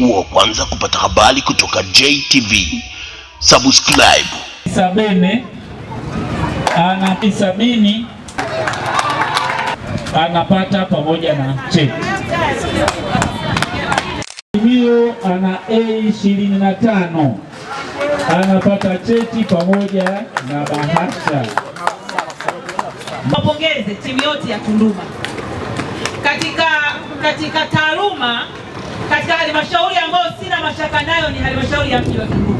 uwe wa kwanza kupata habari kutoka JTV. Subscribe. Isabene ana Isabini anapata pamoja na cheti. Mio ana A25 anapata cheti pamoja na bahasha. Mapongeze timu yote ya Tunduma katika, katika taaluma katika halmashauri ambayo sina mashaka nayo ni halmashauri ya mji wa Tunduma.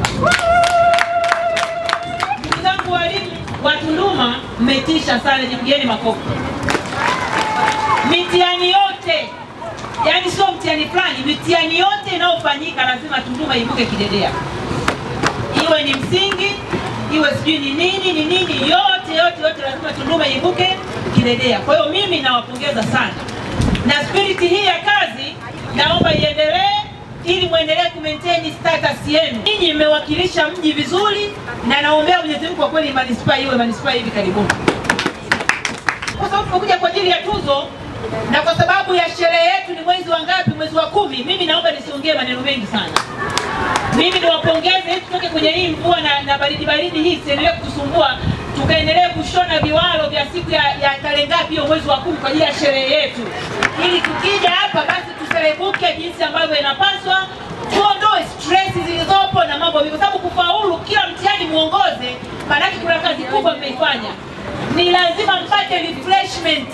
Ndugu zangu walimu wa Tunduma, mmetisha sana, jipigeni makofi. Mitihani yote yaani sio mtihani fulani, mitihani yote inayofanyika lazima Tunduma ivuke kidedea, iwe ni msingi, iwe sijui ni nini ni nini, yote yote yote lazima Tunduma ivuke kidedea. Kwa hiyo mimi nawapongeza sana na spiriti hii ya kazi naomba iendelee ili mwendelee kumaintain status yenu. Ninyi mmewakilisha mji vizuri, na naombea Mwenyezi Mungu kwa kweli manispaa iwe manispaa hivi karibuni, kwa sababu tumekuja kwa ajili ya tuzo na kwa sababu ya sherehe yetu. Ni mwezi wa ngapi? Mwezi wa kumi. Mimi naomba nisiongee maneno mengi sana, mimi niwapongeze ili tutoke kwenye hii mvua na, na baridi baridi hii siendelee kutusumbua, tukaendelee kushona viwalo vya siku ya, ya tarehe ngapi hiyo, mwezi wa kumi, kwa ajili ya sherehe yetu, ili tukija hapa basi tuerebuke jinsi ambavyo inapaswa, tuondoe stress zilizopo na mambo mengi, kwa sababu kufaulu kila mtihani muongoze, maanake kuna kazi kubwa mmeifanya, ni lazima mpate refreshment.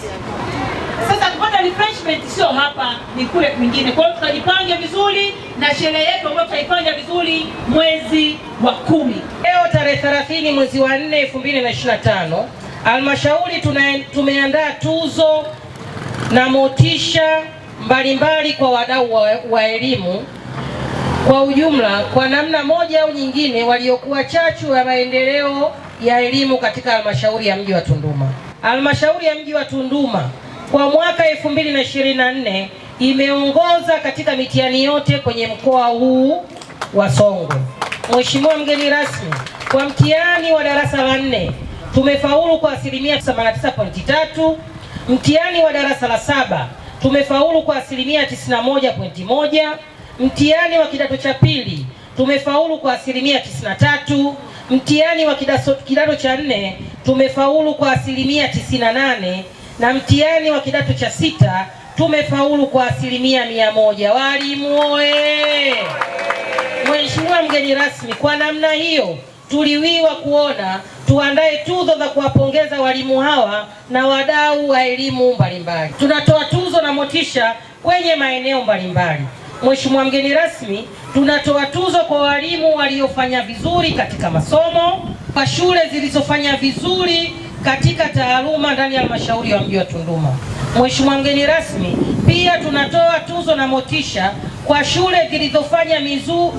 Sasa kupata refreshment sio hapa, ni kule kwingine. Kwa hiyo tukajipange vizuri na sherehe yetu ambayo tutaifanya vizuri mwezi wa kumi. Leo tarehe 30 mwezi wa 4 2025, halmashauri tumeandaa tuzo na motisha mbalimbali kwa wadau wa, wa elimu kwa ujumla, kwa namna moja au nyingine, waliokuwa chachu ya maendeleo ya elimu katika halmashauri ya mji wa Tunduma. Halmashauri ya mji wa Tunduma kwa mwaka 2024 imeongoza katika mitihani yote kwenye mkoa huu wa Songwe. Mheshimiwa mgeni rasmi, kwa mtihani wa darasa la nne tumefaulu kwa asilimia 89.3, mtihani wa darasa la saba tumefaulu kwa asilimia 91.1. Mtihani wa kidato cha pili tumefaulu kwa asilimia 93. Mtihani wa kidato cha nne tumefaulu kwa asilimia 98, na mtihani wa kidato cha sita tumefaulu kwa asilimia mia moja. Walimu oye! Mheshimiwa mgeni rasmi, kwa namna hiyo tuliwiwa kuona tuandae tuzo za kuwapongeza walimu hawa na wadau wa elimu mbalimbali. Tunatoa tuzo na motisha kwenye maeneo mbalimbali. Mheshimiwa mgeni rasmi, tunatoa tuzo kwa walimu waliofanya vizuri katika masomo, kwa shule zilizofanya vizuri katika taaluma ndani ya halmashauri ya mji wa Tunduma. Mheshimiwa mgeni rasmi, pia tunatoa tuzo na motisha kwa shule zilizofanya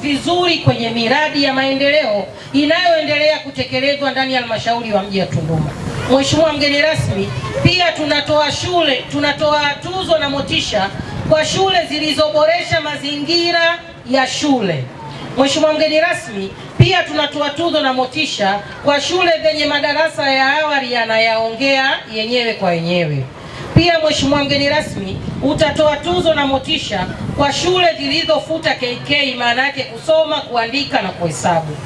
vizuri kwenye miradi ya maendeleo inayoendelea kutekelezwa ndani ya halmashauri wa mji wa Tunduma. Mheshimiwa mgeni rasmi, pia tunatoa shule tunatoa tuzo na motisha kwa shule zilizoboresha mazingira ya shule. Mheshimiwa mgeni rasmi, pia tunatoa tuzo na motisha kwa shule zenye madarasa ya awali yanayaongea yenyewe kwa yenyewe. Pia Mheshimiwa mgeni rasmi, utatoa tuzo na motisha kwa shule zilizofuta KK, maana yake kusoma, kuandika na kuhesabu.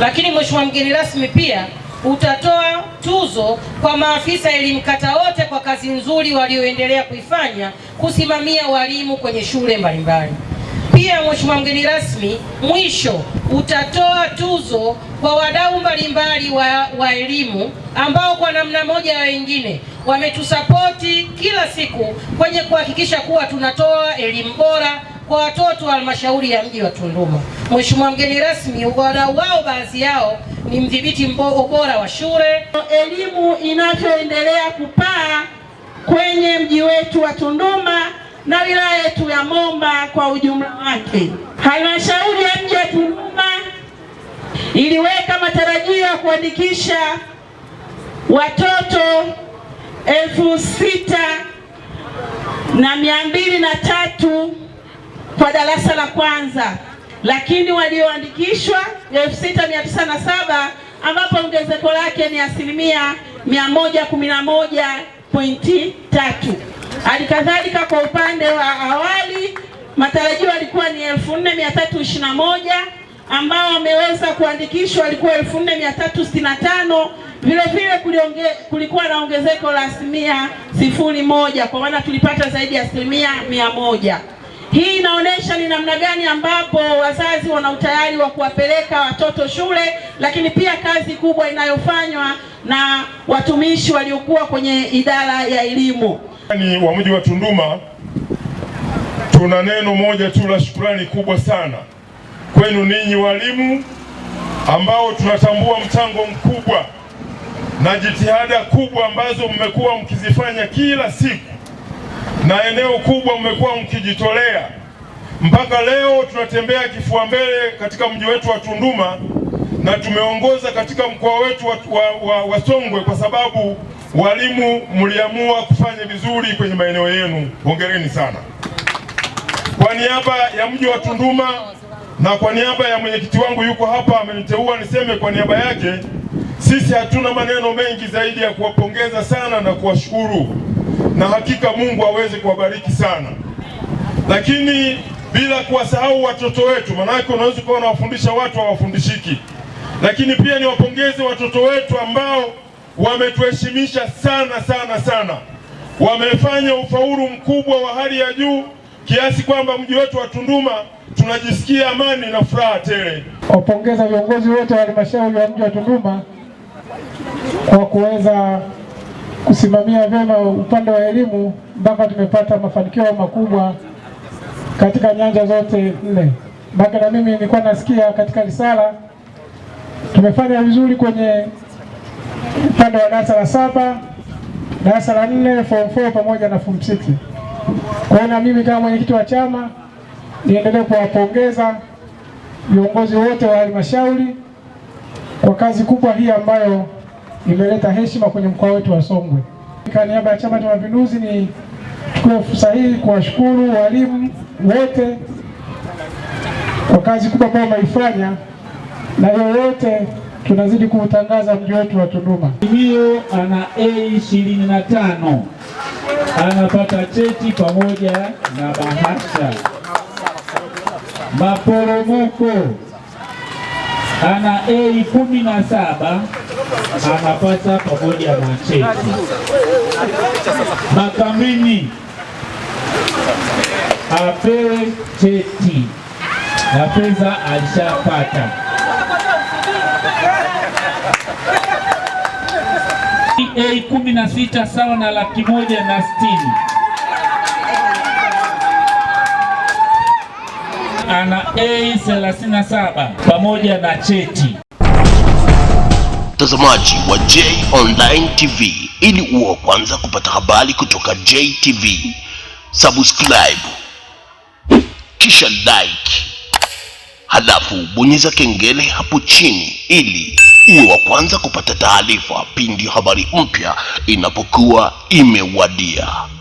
Lakini Mheshimiwa mgeni rasmi, pia utatoa tuzo kwa maafisa elimu kata wote kwa kazi nzuri walioendelea kuifanya kusimamia walimu kwenye shule mbalimbali. Pia Mheshimiwa mgeni rasmi, mwisho utatoa tuzo kwa wadau mbalimbali wa, wa elimu ambao kwa namna moja au wengine wametusapoti kila siku kwenye kuhakikisha kuwa tunatoa elimu bora kwa watoto wa halmashauri ya mji wa Tunduma. Mheshimiwa mgeni rasmi, wadau wao baadhi yao ni mdhibiti ubora wa shule. Elimu inavyoendelea kupaa kwenye mji wetu wa Tunduma na wilaya yetu ya Momba kwa ujumla wake, halmashauri ya mji wa Tunduma iliweka matarajio ya kuandikisha watoto elfu sita na mia mbili na tatu kwa darasa la kwanza, lakini walioandikishwa elfu sita mia tisa na saba ambapo ongezeko lake ni asilimia mia moja kumi na moja pointi tatu. Halikadhalika, kwa upande wa awali matarajio yalikuwa ni elfu nne mia tatu ishirini na moja ambao wameweza kuandikishwa walikuwa 4365 vile vile kulionge, kulikuwa na ongezeko la asilimia sifuri moja kwa maana tulipata zaidi ya asilimia mia moja. Hii inaonyesha ni namna gani ambapo wazazi wana utayari wa kuwapeleka watoto shule, lakini pia kazi kubwa inayofanywa na watumishi waliokuwa kwenye idara ya elimu. Ni wa mji wa Tunduma, tuna neno moja tu la shukrani kubwa sana kwenu ninyi walimu ambao tunatambua mchango mkubwa na jitihada kubwa ambazo mmekuwa mkizifanya kila siku na eneo kubwa mmekuwa mkijitolea mpaka leo tunatembea kifua mbele katika mji wetu wa Tunduma na tumeongoza katika mkoa wetu wa, wa, wa, wa Songwe kwa sababu walimu mliamua kufanya vizuri kwenye maeneo yenu. Hongereni sana. Kwa niaba ya mji wa Tunduma na kwa niaba ya mwenyekiti wangu yuko hapa ameniteua niseme kwa niaba yake. Sisi hatuna maneno mengi zaidi ya kuwapongeza sana na kuwashukuru, na hakika Mungu aweze kuwabariki sana, lakini bila kuwasahau watoto wetu, maanake unaweza ukawa unawafundisha watu hawafundishiki. Lakini pia niwapongeze watoto wetu ambao wametuheshimisha sana sana sana, wamefanya ufaulu mkubwa wa hali ya juu kiasi kwamba mji wetu wa Tunduma tunajisikia amani na furaha tele. Wapongeza viongozi wote wa halmashauri ya mji wa Tunduma kwa kuweza kusimamia vyema upande wa elimu mpaka tumepata mafanikio makubwa katika nyanja zote nne. Mpaka na mimi nilikuwa nasikia katika risala tumefanya vizuri kwenye upande wa darasa la saba, darasa la nne, form 4 pamoja na form 6. Kwa hiyo na mimi kama mwenyekiti wa chama niendelee kuwapongeza viongozi wote wa halmashauri kwa kazi kubwa hii ambayo imeleta heshima kwenye mkoa wetu wa Songwe. Kwa niaba ya Chama cha Mapinduzi ni chukue fursa hii kuwashukuru walimu wote kwa kazi kubwa ambayo wameifanya, na wote tunazidi kuutangaza mji wetu wa Tunduma. Mio ana A 25 na tano anapata cheti pamoja na bahasha maporomoko ana A kumi na saba anapata pamoja na cheti. Makamini apewe cheti na pesa alishapata. A kumi na sita sawa na laki moja na sitini. ana A 37 pamoja na cheti. Mtazamaji wa J Online TV, ili uwe kwanza kupata habari kutoka JTV, subscribe kisha like, halafu bonyeza kengele hapo chini ili uwe wa kwanza kupata taarifa pindi habari mpya inapokuwa imewadia.